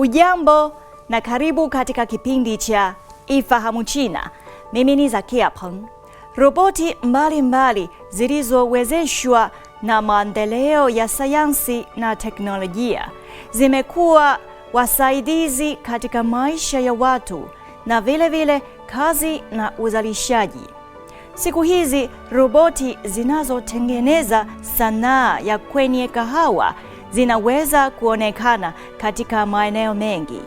Hujambo na karibu katika kipindi cha Ifahamu China. Mimi ni Zakia Peng. Roboti mbalimbali zilizowezeshwa na maendeleo ya sayansi na teknolojia zimekuwa wasaidizi katika maisha ya watu na vile vile kazi na uzalishaji. Siku hizi roboti zinazotengeneza sanaa ya kwenye kahawa zinaweza kuonekana katika maeneo mengi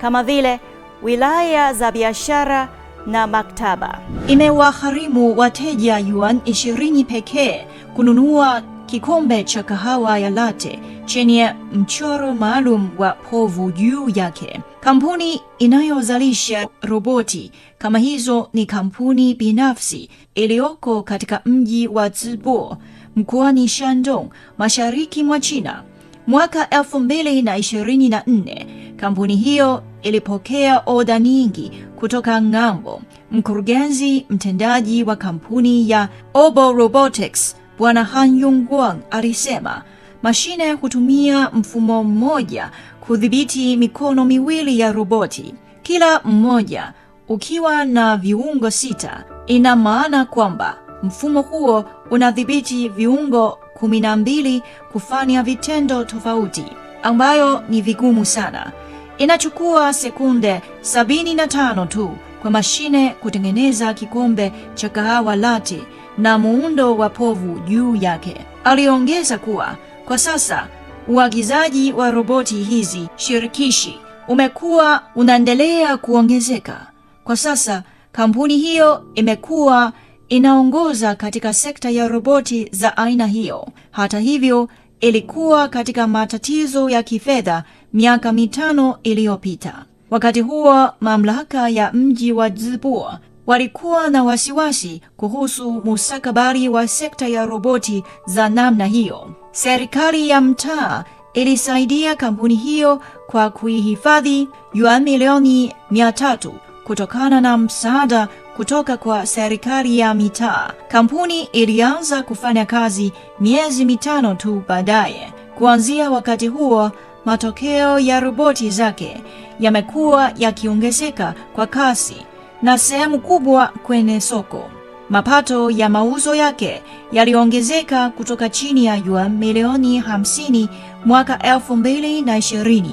kama vile wilaya za biashara na maktaba. Imewagharimu wateja yuan 20 pekee kununua kikombe cha kahawa ya latte chenye mchoro maalum wa povu juu yake. Kampuni inayozalisha roboti kama hizo ni kampuni binafsi iliyoko katika mji wa Zibo mkoani Shandong, mashariki mwa China. Mwaka 2024 kampuni hiyo ilipokea oda nyingi kutoka ng'ambo. Mkurugenzi mtendaji wa kampuni ya Obo Robotics Bwana Han Yongguang alisema mashine hutumia mfumo mmoja kudhibiti mikono miwili ya roboti, kila mmoja ukiwa na viungo sita. Ina maana kwamba mfumo huo unadhibiti viungo kumi kufanya vitendo tofauti ambayo ni vigumu sana. Inachukua sekunde 75 tu kwa mashine kutengeneza kikombe cha kahawa lati na muundo wa povu juu yake. Aliongeza kuwa kwa sasa uagizaji wa roboti hizi shirikishi umekuwa unaendelea kuongezeka. Kwa sasa kampuni hiyo imekuwa inaongoza katika sekta ya roboti za aina hiyo. Hata hivyo, ilikuwa katika matatizo ya kifedha miaka mitano iliyopita. Wakati huo, mamlaka ya mji wa zibua walikuwa na wasiwasi kuhusu mustakabali wa sekta ya roboti za namna hiyo. Serikali ya mtaa ilisaidia kampuni hiyo kwa kuihifadhi yuan milioni mia tatu kutokana na msaada kutoka kwa serikali ya mitaa. Kampuni ilianza kufanya kazi miezi mitano tu baadaye. Kuanzia wakati huo, matokeo ya roboti zake yamekuwa yakiongezeka kwa kasi na sehemu kubwa kwenye soko. Mapato ya mauzo yake yaliongezeka kutoka chini ya yuan milioni 50 mwaka 2020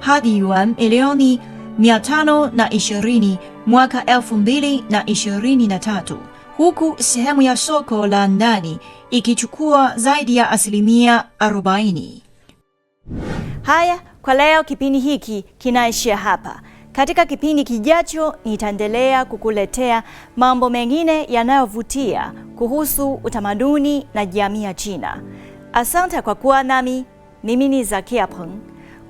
hadi yuan milioni 520 mwaka 2023 huku sehemu ya soko la ndani ikichukua zaidi ya asilimia 40. Haya, kwa leo kipindi hiki kinaishia hapa. Katika kipindi kijacho nitaendelea kukuletea mambo mengine yanayovutia kuhusu utamaduni na jamii ya China. Asante kwa kuwa nami. Mimi ni Zakia Peng.